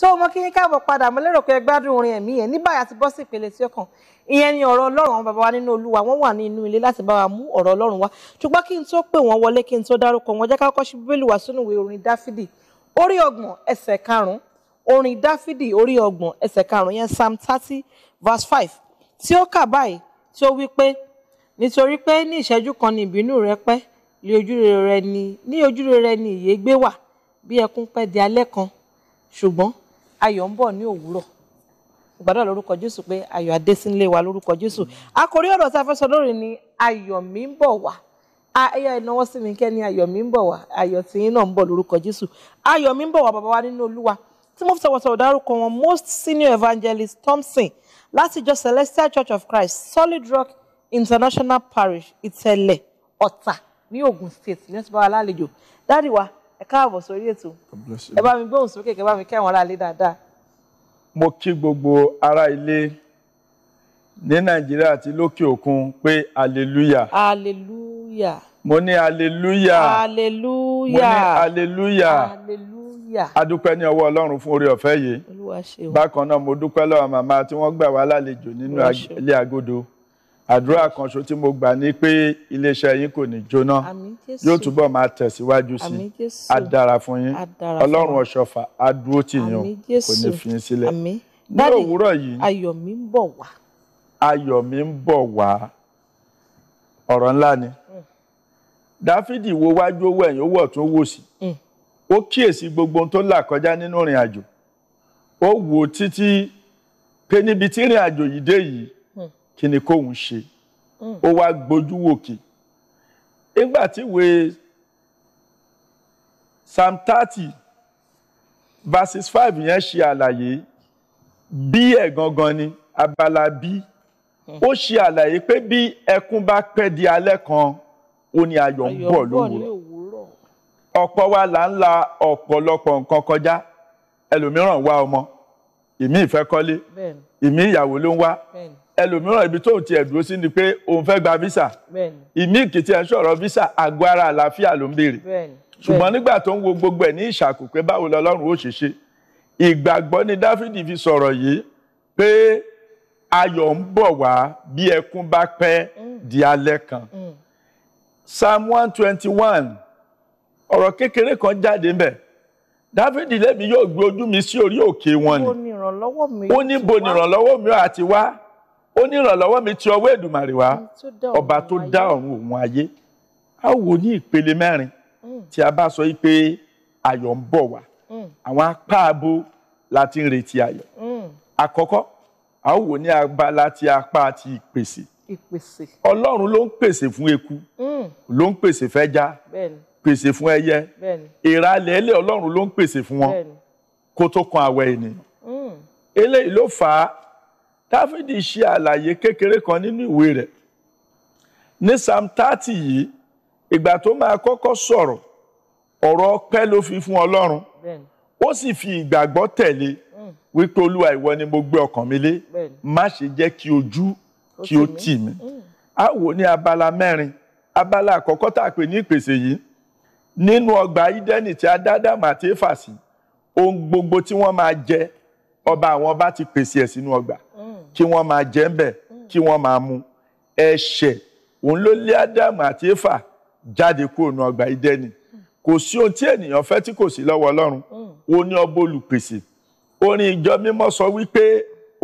tó mọ kí yín káàbọ̀ padà mo lérò pé ẹ gbádùn orin ẹ̀mí yẹn ní báyìí àti bọ́ sí ìpele tí ó kàn ìyẹn ni ọ̀rọ̀ ọlọ́run àwọn bàbá wa nínú olúwa wọ́n wà nínú ilé láti bá wa mú ọ̀rọ̀ ọlọ́run wá ṣùgbọ́n kí n tó pè wọ́n wọlé kí n tó dárúkọ wọn jẹ́ ká kọ́kọ́ ṣí bíbélì wá sínú orin dáfídì orí ọgbọ̀n ẹsẹ̀ karùn-ún orin dáfídì orí ọgbọ̀n ẹsẹ̀ karùn-ún yẹn psalm thirty verse five tí ó kà báyìí tí ó wí pé nítorí pé ní ìṣẹ́jú kan ni ìbínú rẹ ṣùgbọ́n ayọ̀ ń bọ̀ ní òwúrọ̀ gbàdúrà lórúkọ jésù pé ayọ̀ adé sílé wa lórúkọ jésù àkòrí ọ̀rọ̀ tá a fẹ́ sọ lórí ni ayọ̀ mi ń bọ̀ wá ayọ̀ ìnáwó sí mi kẹ́ ni ayọ̀ mi ń bọ̀ wá ayọ̀ tìyín náà ń bọ̀ lórúkọ jésù ayọ̀ mi ń bọ̀ wá bàbá wa nínú olúwa tí mo fi sọ̀rọ̀ dárúkọ wọn most senior evangelist Thompson láti ìjọ Celestial Church of Christ Solid Rock International Parish Ìtẹ̀lẹ̀ Ọ̀tà ní Ogun State ní ọ̀sùn bá wa lálejò dáàdi ẹ káàbọ̀ sórí ètò ẹ bá mi gbóhùn sókè kẹ bá mi kí àwọn aráalé dáadáa. mo kí gbogbo ará ilé ní nàìjíríà àti lókè òkun pé aleluya. aleluya. mo ní aleluya. aleluya. mo ní aleluya. aleluya. adúpẹ́ ní ọwọ́ ọlọ́run fún oore ọ̀fẹ́ yìí. olúwa ṣe o. bákan náà mo dúpẹ́ lọ́wọ́ màmá tí wọ́n gbà wá lálejò nínú ilé agodo àdúrà kan ṣo tí mo gbà ní pé iléeṣẹ́ yín kò ní jóná yóò túbọ̀ máa tẹ̀síwájú sí i á dára fún yín ọlọ́run ọ̀ṣọ́fà á dúró tì yín o kò ní fi yín sílẹ̀ ní òwúrọ̀ yìí ayọ̀ mi ń bọ̀ wá ayọ̀ ńlá ni mm. dáfídì wo wájú owó ẹ̀yìn owó ọ̀tún wò sí mm. ó kíyèsí gbogbo tó là kọjá nínú ìrìn àjò ó wò títí pé níbi tí ìrìn àjò yìí dé yìí kí ni kóun ṣe mm. ó wá gbójú wòkè nígbà tí ìwé psalm thirty verses five yẹn ṣe àlàyé bí ẹ̀ gangan ni abala bí mm. ó ṣe àlàyé pé bí ẹkún bá pẹ́ di alẹ́ kan ó ní ayọ̀ ń bọ̀ lówùúrọ̀ ọ̀pọ̀ wa là ń la ọ̀pọ̀lọpọ̀ nǹkan kọjá ẹlòmíràn wá ọmọ ìmí ìfẹ́ kọ́lé ìmí ìyàwó ló ń wá ẹlòmíràn ibi tóun ti ẹ̀dúró sí ni pé òun fẹ́ gba visa ìmí ìkìtì ẹ̀ ń sọ̀rọ̀ visa àgọ́ ara àlàáfíà ló ń béèrè ṣùgbọ́n nígbà tó ń wo gbogbo ẹ̀ ní ìṣàkù báwo lọ́lọ́run ó ṣe ṣe ìgbàgbọ́ ni Dáfídì fi sọ̀rọ̀ yìí pé ayọ̀ ń bọ̀ wá bí ẹkún bá pẹ́ mm. di alẹ́ kan mm. Psalm one twenty one ọ̀rọ̀ kékeré kan jáde ńbẹ̀ Dáfídì lẹ́mi yóò gbé ojú mi sí orí òkè wọn ni ó ní bo nìrànlọ́wọ́ mi àti wá ó ní ìrànlọ́wọ́ mi ti ọwọ́ Èdùmàrè wá ọba tó dá ọ̀run òun ayé a wò ní ìpele mẹ́rin hmm. tí a bá sọ pé ayọ̀ ń bọ̀ wá hmm. àwọn apá abo la ti ń retí ayọ̀ hmm. àkọ́kọ́ a wò ní abala ti apá ti ìpèsè ọlọ́run ló ń pèsè fún eku ló ń pèsè fẹ́já pèsè fún ẹyẹ ìralẹ̀ ẹlẹ́ ọlọ́run ló ń pèsè fún wọn kó tó kan àwẹ̀ ènìyàn eléyìí ló fà á dáfídì ṣe àlàyé kékeré kan nínú ìwé rẹ̀ ní psalm thirty yìí ìgbà tó máa kọ́kọ́ sọ̀rọ̀ ọ̀rọ̀ ọpẹ́ ló fi fún ọlọ́run ó sì fi ìgbàgbọ́ tẹ̀lé hmm. wípé olúwa ìwọ ni mo gbé ọkàn mi lé má ṣe jẹ́ kí ojú kí ó tì mí hmm. a wò ní abala mẹ́rin abala àkọ́kọ́ tá a pè ní ìpèsè yìí nínú ọgbà ídẹ́nì tí adádàmú àti éfà sí ohun gbogbo tí wọ́n máa jẹ ọba àwọn ọba ti pèsè ẹ̀ sínú ọgbà kí wọ́n máa jẹ ń kí wọ́n máa mu ẹ̀ṣẹ̀ òun ló lé ádámù àti éfà jáde kúrò ní ọgbà ìdẹ́ni kò sí ohun tí ènìyàn fẹ́ tí kò sí lọ́wọ́ ọlọ́run ó ní ọba olùpèsè orin ìjọ mímọ́ sọ wípé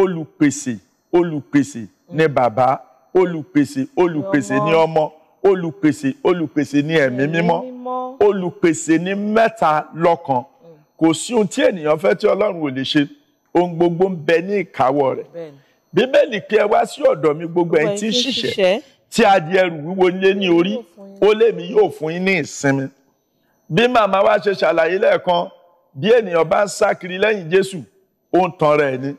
olùpèsè olùpèsè ni bàbá olùpèsè olùpèsè ni ọmọ olùpèsè olùpèsè ni ẹ̀mí mímọ́ olùpèsè ni mẹ́ta lọ́kan kò sí ohun tí ènìyàn fẹ́ tí ọlọ́run ò lè ṣe ohun gbogbo ń bẹ ní ìkáwọ́ rẹ̀ bíbélì pé ẹ wá sí ọ̀dọ̀ mi gbogbo ẹ̀ tí ń ṣiṣẹ́ tí a di ẹrù wíwo lé ní orí ó lèmi yóò fún yín ní ìsinmi bí màmá wa ṣe ṣàlàyé lẹ́ẹ̀kan bí ènìyàn bá ń sá kiri lẹ́yìn Jésù ó ń tan rẹ̀ ni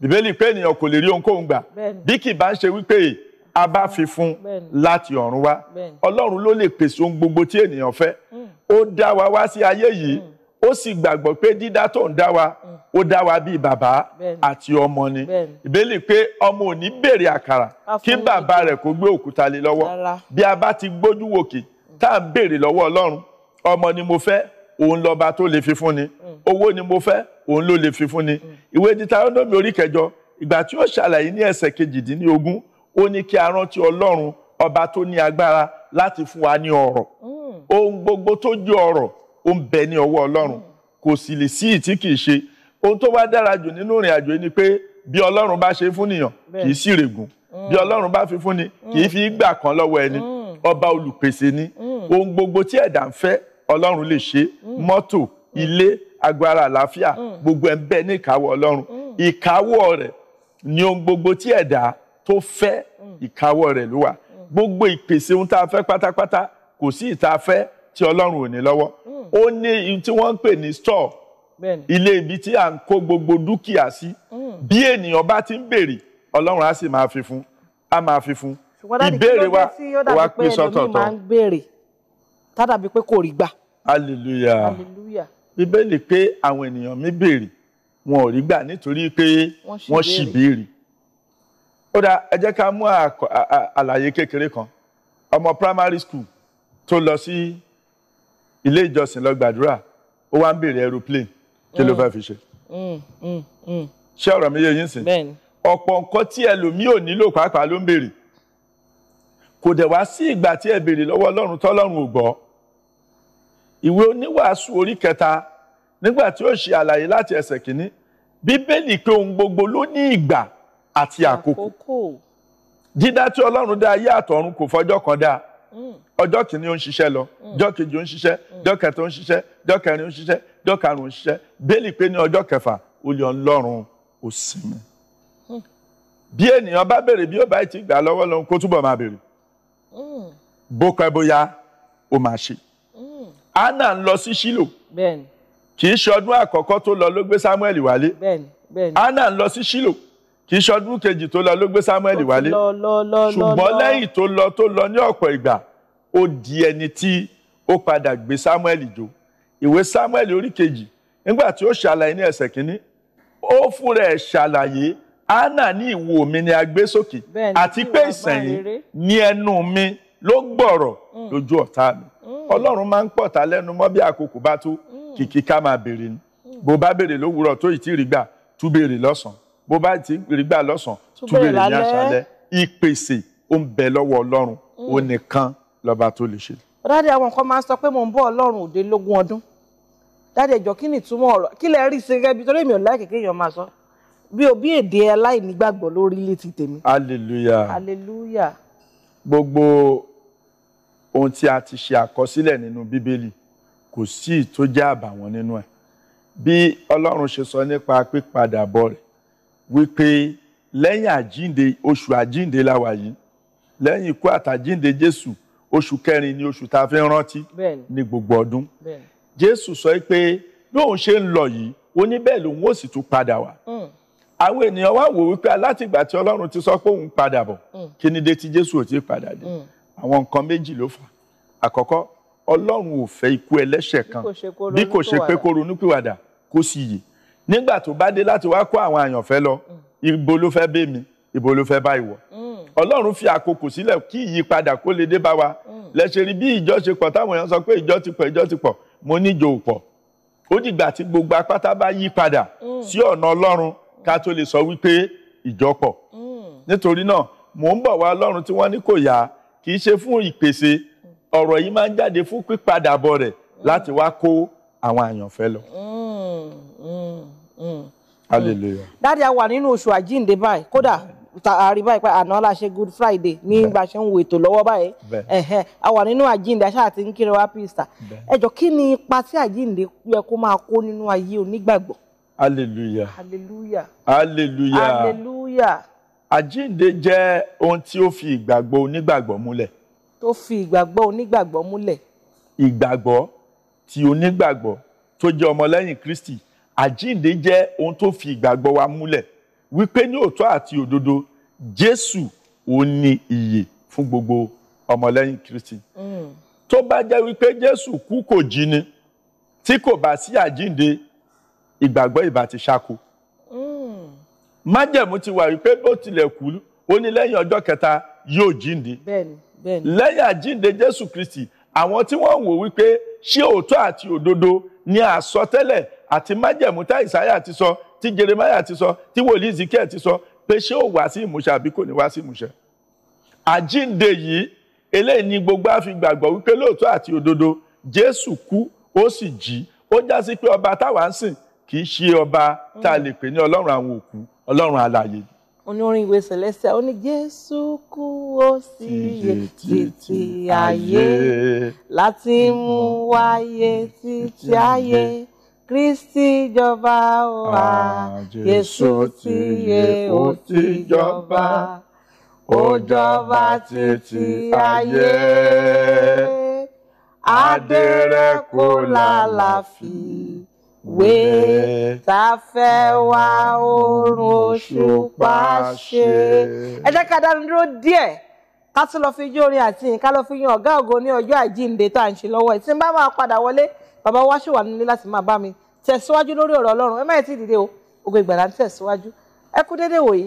bíbélì pé ènìyàn kò lè rí ohunkóhun gbà bí kì bá ń ṣe wípé a bá fi fún láti ọ̀run wá ọlọ́run ló lè pèsè ohun gbogbo tí ènìyàn fẹ́ hmm. ó dá wa wá sí ayé yìí. Hmm ó sì gbàgbọ́ pé dídá tó ń dá wa ó dá wa bíi bàbá àti ọmọ ni ìbéèlì pé ọmọ ò ní béèrè àkàrà kí bàbá rẹ̀ kó gbé òkúta lé lọ́wọ́ bí a bá ti gbójú wòkè tá à ń béèrè lọ́wọ́ ọlọ́run ọmọ ni mo fẹ́ òun lọ́ba tó lè fi fún ni mm. owó ni mo fẹ́ òun ló lè fi fún ni mm. ìwé Dítárónómì orí kẹjọ ìgbà tí ó ṣàlàyé ní ẹsẹ̀ kejìdínlógún ó ní kí a rántí ọlọ́run ọba tó ní agbára láti fún wa ní ọrọ̀ mm. ohun gbogbo tó jẹ́ ọrọ̀ ó ń bẹ ní ọwọ́ ọlọ́run kò sì lè sí ìtí kì í ṣe ohun tó wá dára jù nínú ìrìn àjò ni pé bí ọlọ́run bá ṣe fún nìyàn kì í sì règùn bí mm. ọlọ́run bá fi fún ni kì í fi mm. gbà kan lọ́wọ́ ẹni mm. ọba olùpèsè ni ohun gbogbo tí ẹ̀dá ń fẹ́ ọlọ́run lè ṣe mọ́tò ilé agbára àlàáfíà gbogbo ẹ̀ ń bẹ ní ìkáwọ́ ọlọ́run ìkáwọ́ rẹ̀ ni ohun gbogbo tí ẹ̀dá tó fẹ́ ìkáwọ́ rẹ̀ ló wà gbogbo ìpèsè ohun tá a fẹ́ pátápátá kò sí ìta fẹ́ tí ọlọ́run ò ní lọ́wọ́ hmm. ó ní tí wọ́n ń pè ní store ilé ibi tí à ń kó gbogbo dúkìá sí hmm. bí ènìyàn bá ti ń béèrè ọlọ́run á sì máa fi fún á máa fi fún ìbéèrè wa wa pín sọ́tọ̀ọ̀tọ̀ tádàbí pé kò rí gbà. hallelujah bíbélì pé àwọn ènìyàn mi béèrè wọn ò rí gbà nítorí pé wọ́n ṣì béèrè ó dá ẹ jẹ́ ká mú àlàyé kékeré kan ọmọ primary school tó lọ sí ilé ìjọsìn lọ gbàdúrà ó wá ń béèrè aeroplane kí ló mm. fẹ́ fi ṣe. Mm, mm, ṣé ọ̀rọ̀ mi yé yín sìn ọ̀pọ̀ nǹkan tí ẹlòmíì ò nílò pàápàá ló ń béèrè kò dẹ̀ wá sí ìgbà tí ẹ béèrè lọ́wọ́ ọlọ́run tọ́lọ́run ò gbọ́ ìwé oníwàásù orí kẹta nígbà tí ó ṣe àlàyé láti ẹsẹ̀ kìíní bíbélì pé ohun gbogbo ló ní ìgbà àti àkókò dídá tí ọlọ́run dá ayé àtọ̀run kò fọjọ́ kan dáa Mm. ọjọ́ kìíní ó ń ṣiṣẹ́ lọ mm. ọjọ́ kejì ó ń ṣiṣẹ́ mm. ọjọ́ kẹta ó ń ṣiṣẹ́ ọjọ́ kẹrin ó ń ṣiṣẹ́ ọjọ́ karùn-ún ó ń ṣiṣẹ́ bẹ́ẹ̀lì pé ní ọjọ́ kẹfà olè ọlọ́run ó sinmi. bí ènìyàn bá béèrè bí ó bá ti gbà lọ́wọ́ lọ́hùn kó túbọ̀ máa béèrè bó bóyá ó máa ṣe. anna ń lọ sí Ṣílò kì í ṣe ọdún àkọ́kọ́ tó lọ ló gbé Samuel wálé anna ń lọ sí Ṣílò kì í ṣọdún kejì tó lọ ló gbé Samuel wálé ṣùgbọ́n lẹ́yìn tó lọ tó lọ ní ọ̀pọ̀ ìgbà ó di ẹni tí ó padà gbé Samuel jó ìwé Samuel orí kejì nígbà tí ó ṣàlàyé ní ẹsẹ̀ kínní ó fúnra ẹ̀ ṣàlàyé Anna ní ìwo mi ni a gbé sókè àti pé ìsẹ̀yìn ní ẹnu mi ló gbọ̀rọ̀ mm. lójú ọ̀tá mi mm. Ọlọ́run máa ń pọ̀ta lẹ́nu mọ́ bí àkókò bá tó mm. kìkì ká máa béèrè ni bó bá béèrè lówùúrọ̀ tó ì tí ì rí gbà tún béèrè lọ́sàn-án bó bá ti rí gbà lọ́sàn túbẹ̀ rẹ̀ ní àṣálẹ́ ìpèsè ó ń bẹ lọ́wọ́ ọlọ́run mm. ó nìkan lọ́ba tó lè ṣe. dáadé àwọn kan máa ń sọ pé mò ń bọ́ ọlọ́run òde lógún ọdún dáadé ìjọ kí ni ìtumọ̀ ọ̀rọ̀ kí lẹ rí sí gẹ́gẹ́ bí torí èmi ò láì kékeré èèyàn máa sọ bí o èdè aláìnígbàgbọ́ lórí ilé ti tèmi. hallelujah hallelujah. gbogbo ohun tí a ti ṣe àkọsílẹ̀ nínú bíbélì kò sí ìtójá àbàwọ́n nínú ẹ̀ bí ọlọ́run ṣe sọ nípa pípadà rẹ̀ wípé lẹ́yìn àjínde oṣù àjínde la wà yìí lẹ́yìn ikú àtàjínde Jésù oṣù kẹrin ni oṣù tá a fi ń rántí ní gbogbo ọdún Jésù sọ pé bí òun ṣe ń lọ yìí ó ní bẹ́ẹ̀ lòun ó sì tún padà wá hmm. àwọn ènìyàn wá wò wípé alátìgbà tí Ọlọ́run ti sọ pé òun padà bọ̀ hmm. kí ni dé tí Jésù ò ti padà dé hmm. àwọn nǹkan méjì ló fà àkọ́kọ́ Ọlọ́run ò fẹ́ ikú ẹlẹ́ṣẹ̀ kan bí kò ṣe pé kó ronúpìwàdà kó sì yè nígbà tó bá dé láti wá kó àwọn àyànfẹ́ lọ mm. ibo ló fẹ́ bẹ́ mi ibo ló fẹ́ bá ìwọ mm. ọlọ́run fi àkókò sílẹ̀ kí ìyípadà kó lè dé bá wa mm. lẹ́sẹ̀ rí bí ìjọ ṣe pọ̀ táwọn èèyàn sọ pé ìjọ ti pọ̀ ìjọ ti pọ̀ mo níjọ ò pọ̀ ó dìgbà tí gbogbo apáta bá yí padà sí ọ̀nà ọlọ́run ká tó lè sọ wípé ìjọ pọ̀ nítorí náà mò ń bọ̀ wá ọlọ́run tí wọ́n ní kò yá kì í ṣe fún ìpèsè ọ̀rọ̀ yìí máa ń jáde fún pípadàbọ̀ rẹ̀ láti wá kó àwọn àyànfẹ́ lọ. Mm. hallelujah dáàdi a wà nínú oṣù àjínde báyìí kódà àrí báyìí pé àná la ṣe good friday ní bá a ṣe ń wo ètò lọ́wọ́ báyìí ẹ̀hẹ́n a wà nínú àjínde aṣáà ti ń kiri wá pista ẹ jọ̀ọ́ kí ni ipa tí àjínde yẹ kó máa kó nínú ayé onígbàgbọ́. hallelujah hallelujah hallelujah hallelujah. àjínde jẹ́ ohun tí ó fi ìgbàgbọ́ onígbàgbọ́ múlẹ̀. tó fi ìgbàgbọ́ onígbàgbọ́ múlẹ̀. ìgbàgbọ́ ti onígbàgbọ́ tó jẹ́ ọmọlẹ́yìn kristi àjíǹde jẹ́ ohun tó fi ìgbàgbọ́ wa múlẹ̀ wípé ní òótọ́ àti òdodo Jésù ò ní ìyè fún gbogbo ọmọlẹ́yìn Kristi mm. tó bá jẹ́ wípé Jésù kú kò jí ni tí kò bá sí àjíǹde ìgbàgbọ́ ìbá ti ṣáko mm. májẹ̀mú ti wà wípé bó tilẹ̀ kú ó ní lẹ́yìn ọjọ́ kẹta yóò jíǹde lẹ́yìn àjíǹde Jésù Kristi àwọn tí wọ́n wò wípé ṣé òótọ́ àti òdodo ni àsọtẹ́lẹ̀ àti májẹ̀mú tá ìsáyà ti sọ tí jeremiah ti sọ tí wòlíì zikẹ́ ti sọ pé ṣé ó wá sí ìmúṣẹ àbí kò ní wá sí ìmúṣẹ. àjínde yìí eléyìí ni gbogbo àfi gbàgbọ́ wípé lóòótọ́ àti òdodo jésù kú ó sì jí ó já sí pé ọba táwa ń sìn kì í ṣe ọba tá a lè pè ní ọlọ́run àwọn òkú ọlọ́run alààyè. onírin ìwé celestia ó ní jésù kú ó sì yè títí ayé láti mú wáyé títí ayé. Kristi jọba o a ah, Jésù ti yè ó ti jọba ó jọba títí ayé adẹrẹkọ lálàfíwé tafẹ́ wá oorun òṣùpá ṣe. ẹ jẹ́ ká dánu dúró díẹ̀ ká tún lọ fi jó orin àti ìyìn ká lọ fi yan ọ̀gá ògo ní ọjọ́ àjíǹde tá à ń ṣe lọ́wọ́ ẹ̀ tí n bá máa padà wọlé bàbá wa ṣì wà nílé láti máa bá mi tẹ̀síwájú lórí ọ̀rọ̀ ọlọ́run ẹ má yẹ ti dìde o Ògo Ìgbàlà ń tẹ̀síwájú ẹ kú déédéé wòyí